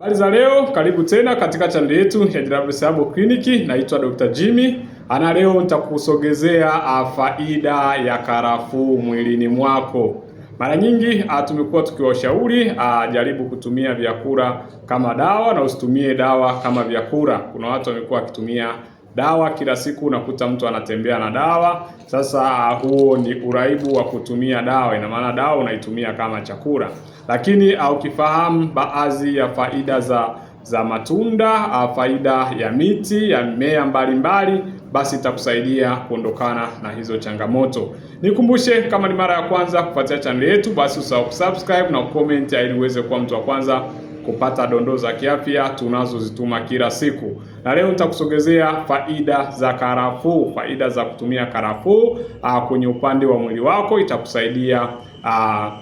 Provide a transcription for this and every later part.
Habari za leo, karibu tena katika chaneli yetu ya JW Sabo Clinic. Naitwa Dr. Jimmy ana, leo nitakusogezea faida ya karafuu mwilini mwako. Mara nyingi ah, tumekuwa tukiwashauri ah, jaribu kutumia vyakula kama dawa na usitumie dawa kama vyakula. Kuna watu wamekuwa wakitumia dawa kila siku, unakuta mtu anatembea na dawa. Sasa huo ni uraibu wa kutumia dawa, ina maana dawa unaitumia kama chakula. Lakini ukifahamu baadhi ya faida za za matunda, faida ya miti ya mimea mbalimbali, basi itakusaidia kuondokana na hizo changamoto. Nikumbushe, kama ni mara ya kwanza kufuatia chaneli yetu, basi usahau kusubscribe na kucomment ili uweze kuwa mtu wa kwanza kupata dondoo za kiafya tunazozituma kila siku, na leo nitakusogezea faida za karafuu, faida za kutumia karafuu ah, kwenye upande wa mwili wako. Itakusaidia a, ah,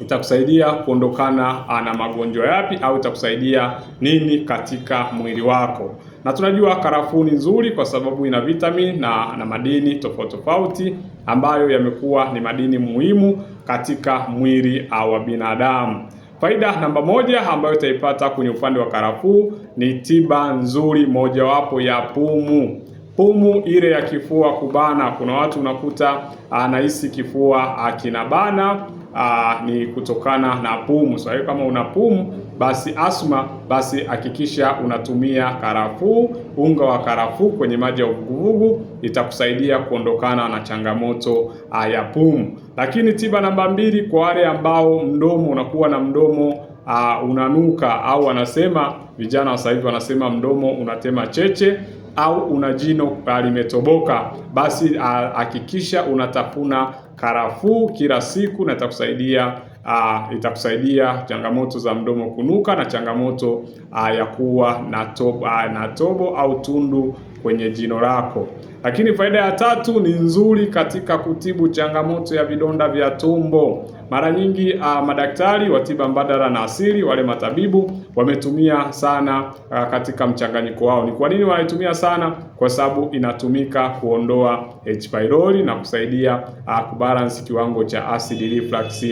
itakusaidia kuondokana ah, na magonjwa yapi, au itakusaidia nini katika mwili wako? Na tunajua karafuu ni nzuri kwa sababu ina vitamini na, na madini tofauti tofauti ambayo yamekuwa ni madini muhimu katika mwili wa binadamu. Faida namba moja ambayo utaipata kwenye upande wa karafuu ni tiba nzuri mojawapo ya pumu pumu ile ya kifua kubana. Kuna watu unakuta ah, anahisi kifua akinabana, ah, aa, ah, ni kutokana na pumu. Kwa kama una pumu basi asma, basi hakikisha unatumia karafuu, unga wa karafuu kwenye maji ya uvuguvugu, itakusaidia kuondokana na changamoto ah, ya pumu. Lakini tiba namba mbili kwa wale ambao mdomo unakuwa na mdomo Uh, unanuka au wanasema vijana wa sasa hivi wanasema mdomo unatema cheche au una jino limetoboka, basi hakikisha unatafuna karafuu kila siku na itakusaidia Uh, itakusaidia changamoto za mdomo kunuka na changamoto uh, ya kuwa na tobo, uh, na tobo au tundu kwenye jino lako. Lakini faida ya tatu ni nzuri katika kutibu changamoto ya vidonda vya tumbo. Mara nyingi uh, madaktari wa tiba mbadala na asili wale matabibu wametumia sana uh, katika mchanganyiko wao. Ni kwa nini wanaitumia sana? Kwa sababu inatumika kuondoa H pylori na kusaidia uh, kubalance kiwango cha acid reflux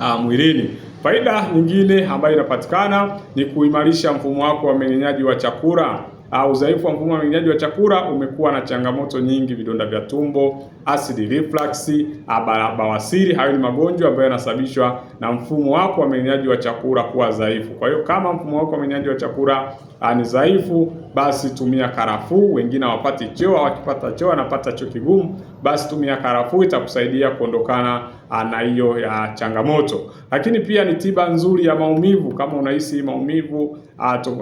uh, mwilini. Faida nyingine ambayo inapatikana ni kuimarisha mfumo wako wa mmeng'enyaji wa chakula uh, udhaifu wa mfumo wa mmeng'enyo wa chakula umekuwa na changamoto nyingi, vidonda vya tumbo, acid reflux, bawasiri. Hayo ni magonjwa ambayo yanasababishwa na mfumo wako wa mmeng'enyaji wa chakula kuwa dhaifu. Kwa hiyo kama mfumo wako wa mmeng'enyaji wa chakula ah, ni dhaifu, basi tumia karafuu. Wengine hawapati choo, wakipata choo wanapata choo kigumu, basi tumia karafuu, itakusaidia kuondokana ah, na hiyo ya ah, changamoto. Lakini pia ni tiba nzuri ya maumivu. Kama unahisi maumivu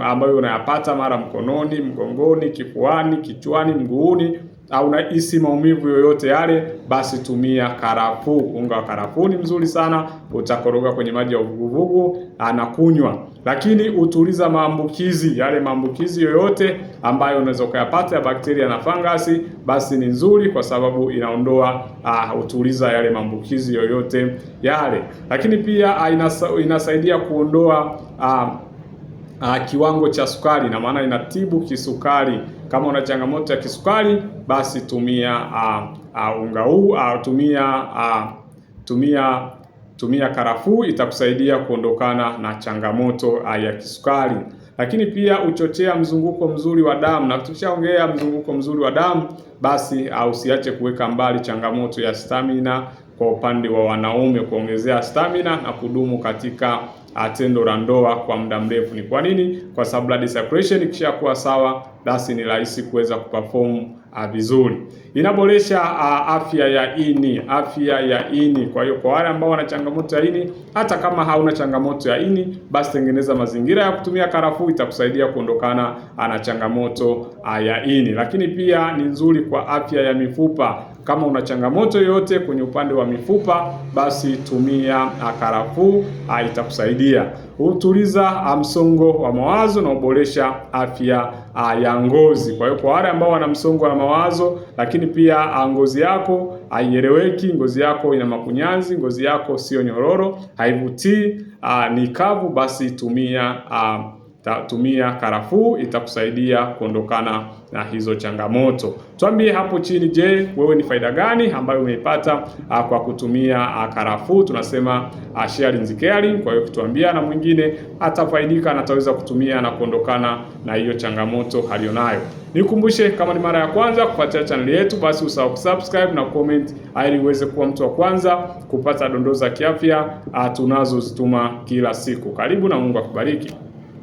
ambayo unayapata mara mkononi, mgongoni, kifuani, kichwani, mguuni au unahisi maumivu yoyote yale, basi tumia karafuu. Unga wa karafuu ni mzuri sana, utakoroga kwenye maji ya uvuguvugu anakunywa. Lakini utuliza maambukizi yale, maambukizi yoyote ambayo unaweza ukayapata ya bakteria na fangasi, basi ni nzuri kwa sababu inaondoa uh, utuliza yale maambukizi yoyote yale. Lakini pia uh, inasa, inasaidia kuondoa uh, uh, kiwango cha sukari, na maana inatibu kisukari. Kama una changamoto ya kisukari, basi tumia uh, uh, unga huu uh, tumia uh, tumia tumia karafuu, itakusaidia kuondokana na changamoto uh, ya kisukari. Lakini pia uchochea mzunguko mzuri wa damu, na tukishaongea mzunguko mzuri wa damu, basi uh, usiache kuweka mbali changamoto ya stamina kwa upande wa wanaume, kuongezea stamina na kudumu katika tendo la ndoa kwa muda mrefu. Ni kwa nini? Kwa sababu blood circulation kuwa sawa, basi ni rahisi kuweza kuperform ah, vizuri. Inaboresha ah, afya ya ini, afya ya ini. Kwa hiyo kwa wale ambao wana changamoto ya ini, hata kama hauna changamoto ya ini, basi tengeneza mazingira ya kutumia karafuu, itakusaidia kuondokana ah, na changamoto ya ini. Lakini pia ni nzuri kwa afya ya mifupa. Kama una changamoto yoyote kwenye upande wa mifupa, basi tumia karafuu, ah, itakusaidia hutuliza ah, msongo wa mawazo na uboresha afya ah, ya ngozi. Kwa hiyo kwa wale ambao wana msongo wa mawazo, lakini pia ngozi yako haieleweki, ngozi yako ina makunyanzi, ngozi yako sio nyororo, haivutii, ni kavu, basi tumia tatumia karafuu, itakusaidia kuondokana na hizo changamoto. Tuambie hapo chini, je, wewe ni faida gani ambayo umeipata ah, kwa kutumia ah, karafuu? Tunasema ah, sharing is caring, kwa hiyo kituambia na mwingine atafaidika na ataweza kutumia na kuondokana na hiyo changamoto alionayo. Nikumbushe, kama ni mara ya kwanza kufuatilia chaneli yetu, basi usahau kusubscribe na comment ili uweze kuwa mtu wa kwanza kupata dondoo za kiafya tunazozituma kila siku. Karibu na Mungu akubariki.